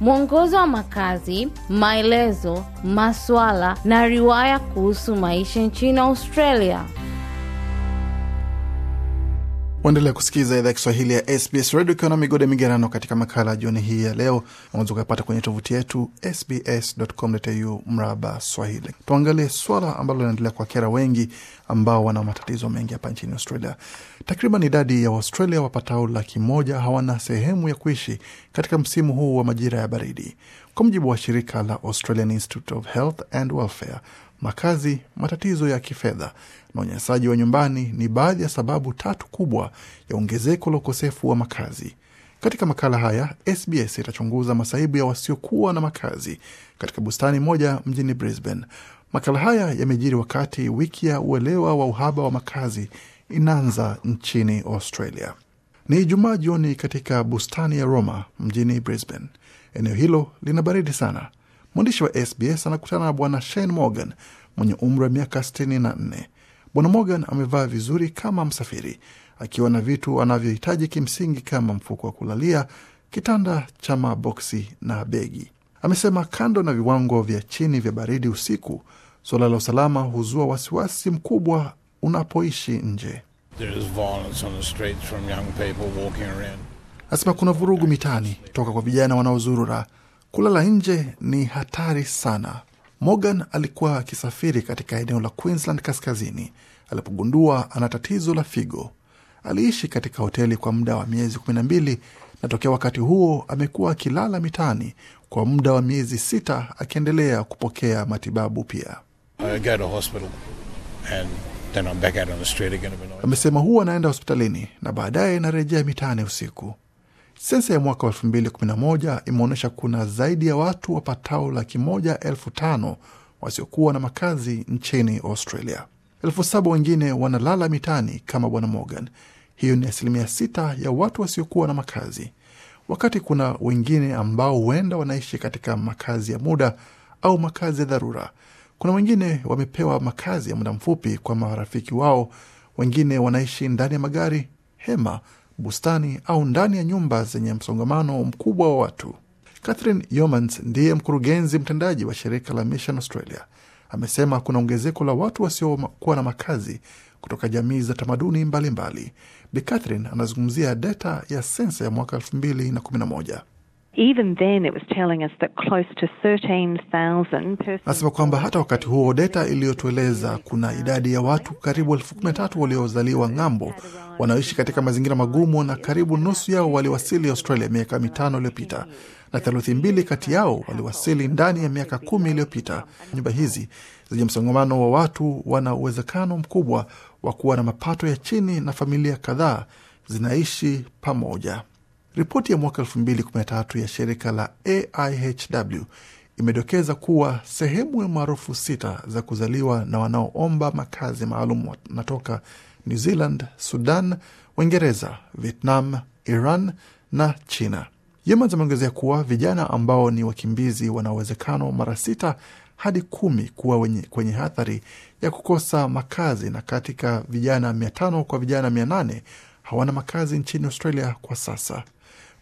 mwongozo wa makazi, maelezo, maswala na riwaya kuhusu maisha nchini Australia. Uendelea kusikiza idhaa Kiswahili ya SBS redio ikiwa na migode migerano. Katika makala ya jioni hii ya leo, unaweza ukapata kwenye tovuti yetu sbs.com.au mraba swahili. Tuangalie swala ambalo linaendelea kwa kera wengi ambao wana matatizo mengi hapa nchini Australia. Takriban idadi ya Waustralia wapatao laki moja hawana sehemu ya kuishi katika msimu huu wa majira ya baridi. Kwa mujibu wa shirika la Australian Institute of Health and Welfare, makazi, matatizo ya kifedha na unyanyasaji wa nyumbani ni baadhi ya sababu tatu kubwa ya ongezeko la ukosefu wa makazi. Katika makala haya, SBS itachunguza masaibu ya wasiokuwa na makazi katika bustani moja mjini Brisbane. Makala haya yamejiri wakati wiki ya uelewa wa uhaba wa makazi inaanza nchini Australia. Ni Ijumaa jioni katika bustani ya Roma mjini Brisbane. Eneo hilo lina baridi sana. Mwandishi wa SBS anakutana na Bwana Shane Morgan mwenye umri wa miaka 64. Bwana Morgan amevaa vizuri kama msafiri, akiwa na vitu anavyohitaji kimsingi kama mfuko wa kulalia, kitanda cha maboksi na begi. Amesema kando na viwango vya chini vya baridi usiku, suala la usalama huzua wasiwasi mkubwa unapoishi nje anasema kuna vurugu mitaani toka kwa vijana wanaozurura. Kulala nje ni hatari sana. Morgan alikuwa akisafiri katika eneo la Queensland kaskazini alipogundua ana tatizo la figo. Aliishi katika hoteli kwa muda wa miezi kumi na mbili na tokea wakati huo amekuwa akilala mitaani kwa muda wa miezi sita akiendelea kupokea matibabu. Pia amesema huwa anaenda hospitalini na baadaye narejea mitaani usiku. Sensa ya mwaka wa elfu mbili kumi na moja imeonyesha kuna zaidi ya watu wapatao laki moja elfu tano wasiokuwa na makazi nchini Australia. Elfu saba wengine wanalala mitani kama Bwana Morgan. Hiyo ni asilimia sita ya watu wasiokuwa na makazi, wakati kuna wengine ambao huenda wanaishi katika makazi ya muda au makazi ya dharura. Kuna wengine wamepewa makazi ya muda mfupi kwa marafiki wao, wengine wanaishi ndani ya magari, hema bustani au ndani ya nyumba zenye msongamano mkubwa wa watu. Catherine Yeomans ndiye mkurugenzi mtendaji wa shirika la Mission Australia, amesema kuna ongezeko la watu wasiokuwa na makazi kutoka jamii za tamaduni mbalimbali. Bi Catherine anazungumzia data ya sensa ya mwaka 2011. Anasema kwamba hata wakati huo deta iliyotueleza kuna idadi ya watu karibu elfu kumi na tatu waliozaliwa ng'ambo wanaoishi katika mazingira magumu, na karibu nusu yao waliwasili Australia miaka mitano iliyopita na theluthi mbili kati yao waliwasili ndani ya miaka kumi iliyopita. Nyumba hizi zenye msongamano wa watu wana uwezekano mkubwa wa kuwa na mapato ya chini na familia kadhaa zinaishi pamoja. Ripoti ya mwaka 2013 ya shirika la AIHW imedokeza kuwa sehemu maarufu sita za kuzaliwa na wanaoomba makazi maalum wanatoka New Zealand, Sudan, Uingereza, Vietnam, Iran na China. Yemen ameongezea kuwa vijana ambao ni wakimbizi wana uwezekano mara sita hadi kumi kuwa wenye, kwenye hatari ya kukosa makazi, na katika vijana mia tano kwa vijana mia nane hawana makazi nchini Australia kwa sasa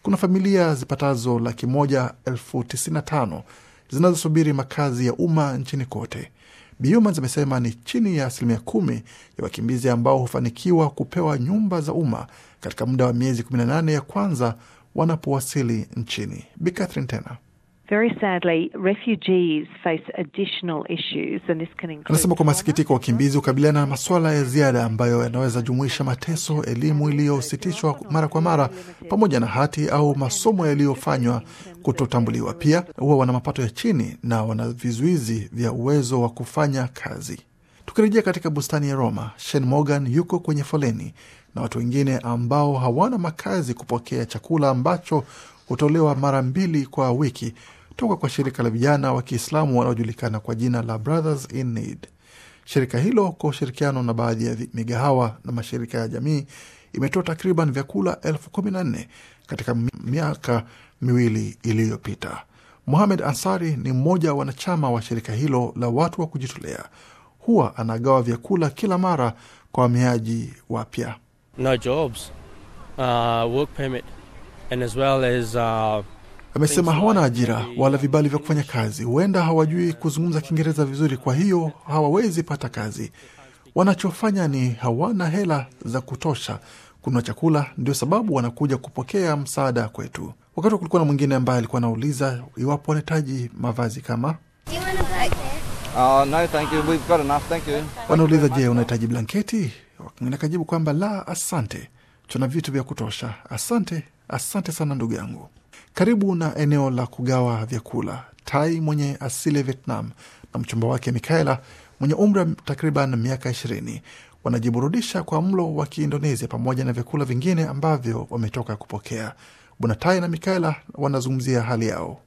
kuna familia zipatazo laki moja elfu tisini na tano zinazosubiri makazi ya umma nchini kote. biuma zimesema ni chini ya asilimia kumi ya wakimbizi ambao hufanikiwa kupewa nyumba za umma katika muda wa miezi 18 ya kwanza wanapowasili nchini. Bi Catherine tena Very sadly, refugees face additional issues and this can include... Anasema kwa masikitiko, wakimbizi hukabiliana na maswala ya ziada ambayo yanaweza jumuisha mateso, elimu iliyositishwa mara kwa mara, pamoja na hati au masomo yaliyofanywa kutotambuliwa. Pia huwa wana mapato ya chini na wana vizuizi vya uwezo wa kufanya kazi. Tukirejea katika bustani ya Roma, Shane Morgan yuko kwenye foleni na watu wengine ambao hawana makazi kupokea chakula ambacho hutolewa mara mbili kwa wiki kutoka kwa shirika la vijana wa Kiislamu wanaojulikana kwa jina la Brothers in Need. Shirika hilo kwa ushirikiano na baadhi ya migahawa na mashirika ya jamii imetoa takriban vyakula elfu kumi na nne katika miaka miwili iliyopita. muhamed Ansari ni mmoja wa wanachama wa shirika hilo la watu wa kujitolea. Huwa anagawa vyakula kila mara kwa wahamiaji wapya. No jobs, uh, work permit and as well as, uh... Amesema hawana ajira wala vibali vya kufanya kazi, huenda hawajui kuzungumza Kiingereza vizuri, kwa hiyo hawawezi pata kazi. Wanachofanya ni hawana hela za kutosha kununua chakula, ndio sababu wanakuja kupokea msaada kwetu. Wakati kulikuwa na mwingine ambaye alikuwa anauliza iwapo wanahitaji mavazi kama Uh, no, thank you. We've got enough. Thank you. Wanauliza, je, unahitaji blanketi? akajibu kwamba la, asante, tuna vitu vya kutosha, asante. Asante sana ndugu yangu. Karibu na eneo la kugawa vyakula, Tai mwenye asili ya Vietnam na mchumba wake Mikaela mwenye umri wa takriban miaka ishirini wanajiburudisha kwa mlo wa Kiindonesia pamoja na vyakula vingine ambavyo wametoka kupokea. Bwana Tai na Mikaela wanazungumzia hali yao.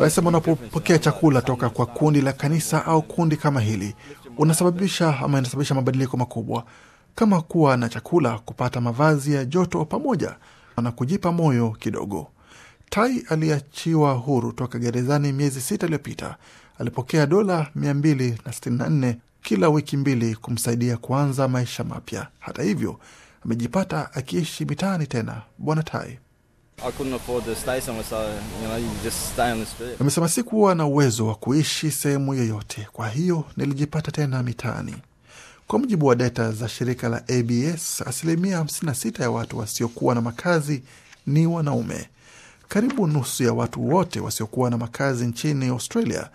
Anasema unapopokea chakula toka kwa kundi la kanisa au kundi kama hili unasababisha ama inasababisha mabadiliko makubwa kama kuwa na chakula, kupata mavazi ya joto pamoja na kujipa moyo kidogo. Tai aliachiwa huru toka gerezani miezi sita iliyopita. Alipokea dola 264 kila wiki mbili kumsaidia kuanza maisha mapya. Hata hivyo, amejipata akiishi mitaani tena. Bwana Tai amesema, sikuwa na uwezo wa kuishi sehemu yoyote, kwa hiyo nilijipata tena mitaani. Kwa mujibu wa data za shirika la ABS, asilimia 56 ya watu wasiokuwa na makazi ni wanaume. Karibu nusu ya watu wote wasiokuwa na makazi nchini Australia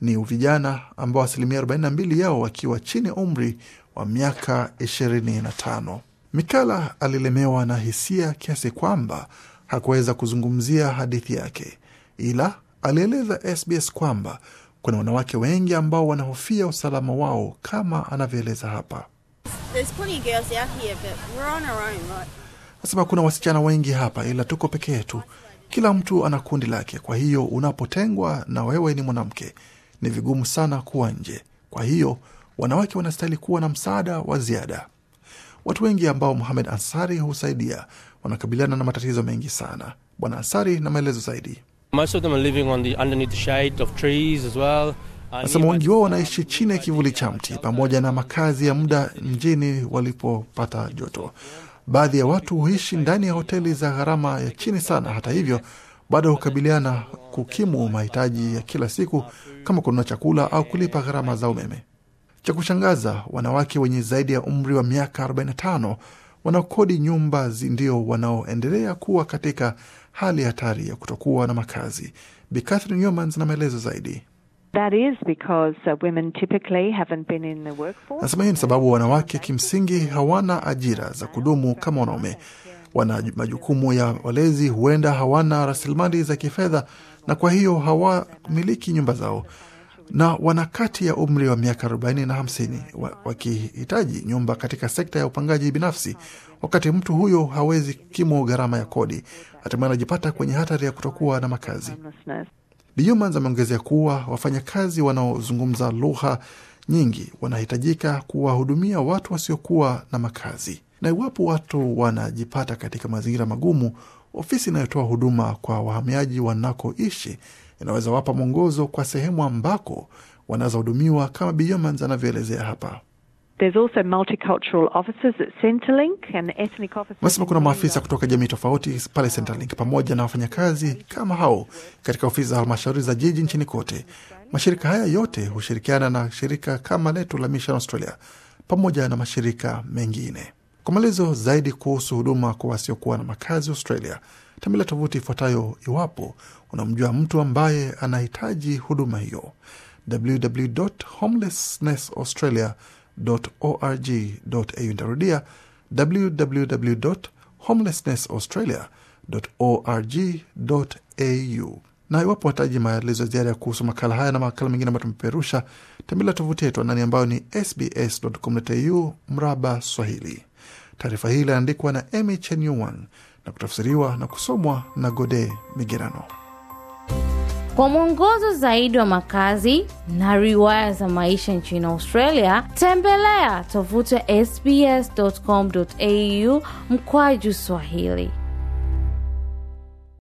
ni vijana ambao asilimia 42 yao wakiwa chini ya umri wa miaka 25. Mikala alilemewa na hisia kiasi kwamba hakuweza kuzungumzia hadithi yake, ila alieleza SBS kwamba kuna wanawake wengi ambao wanahofia usalama wao kama anavyoeleza hapa. Nasema kuna wasichana wengi hapa, ila tuko peke yetu. Kila mtu ana kundi lake, kwa hiyo unapotengwa na wewe ni mwanamke, ni vigumu sana kuwa nje. Kwa hiyo wanawake wanastahili kuwa na msaada wa ziada. Watu wengi ambao Muhamed Ansari husaidia wanakabiliana na matatizo mengi sana. Bwana Ansari na maelezo zaidi. Most wengi wao wanaishi chini ya kivuli cha mti pamoja na makazi ya muda mjini walipopata joto. Baadhi ya watu huishi ndani ya hoteli za gharama ya chini sana. Hata hivyo, bado hukabiliana kukimu mahitaji ya kila siku kama kununua chakula au kulipa gharama za umeme. Cha kushangaza, wanawake wenye zaidi ya umri wa miaka 45 wanaokodi nyumba ndio wanaoendelea kuwa katika hali ya hatari ya kutokuwa na makazi. Bi Catherine na maelezo zaidi. Uh, Anasema hiyo ni sababu wanawake kimsingi hawana ajira za kudumu kama wanaume, wana majukumu ya walezi, huenda hawana rasilimali za kifedha, na kwa hiyo hawamiliki nyumba zao na wana kati ya umri wa miaka 40 na 50 wakihitaji nyumba katika sekta ya upangaji binafsi. Wakati mtu huyo hawezi kimo gharama ya kodi, hatimaye anajipata kwenye hatari ya kutokuwa na makazi. Biyumans ameongezea kuwa wafanyakazi wanaozungumza lugha nyingi wanahitajika kuwahudumia watu wasiokuwa na makazi, na iwapo watu wanajipata katika mazingira magumu, ofisi inayotoa huduma kwa wahamiaji wanakoishi inaweza wapa mwongozo kwa sehemu ambako wanazohudumiwa kama Biyomans anavyoelezea hapa. Nasema kuna maafisa kutoka jamii tofauti pale Centrelink pamoja na wafanyakazi kama hao katika ofisi za halmashauri za jiji nchini kote. Mashirika haya yote hushirikiana na shirika kama letu la Mission Australia pamoja na mashirika mengine. Kwa maelezo zaidi kuhusu huduma kwa wasiokuwa na makazi Australia, tembelea tovuti ifuatayo iwapo unamjua mtu ambaye anahitaji huduma hiyo www.homelessnessaustralia.org.au. Nitarudia www.homelessnessaustralia.org.au na iwapo wataji maelezo ya ziada ya kuhusu makala haya na makala mengine ambayo tumepeperusha, tembelea tovuti yetu anani ambayo ni sbs.com.au mraba Swahili. Taarifa hii iliandikwa na Emy Chenyuwang na kutafsiriwa na kusomwa na Gode Migerano. Kwa mwongozo zaidi wa makazi na riwaya za maisha nchini Australia, tembelea tovuti ya sbs.com.au mkwaju Swahili.